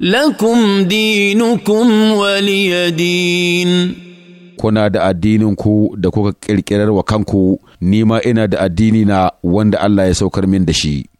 lakum dinukum waliya din. Kuna da addininku da kuka ƙirƙirar wa kanku, nima ina da addini na wanda Allah ya saukar min da shi.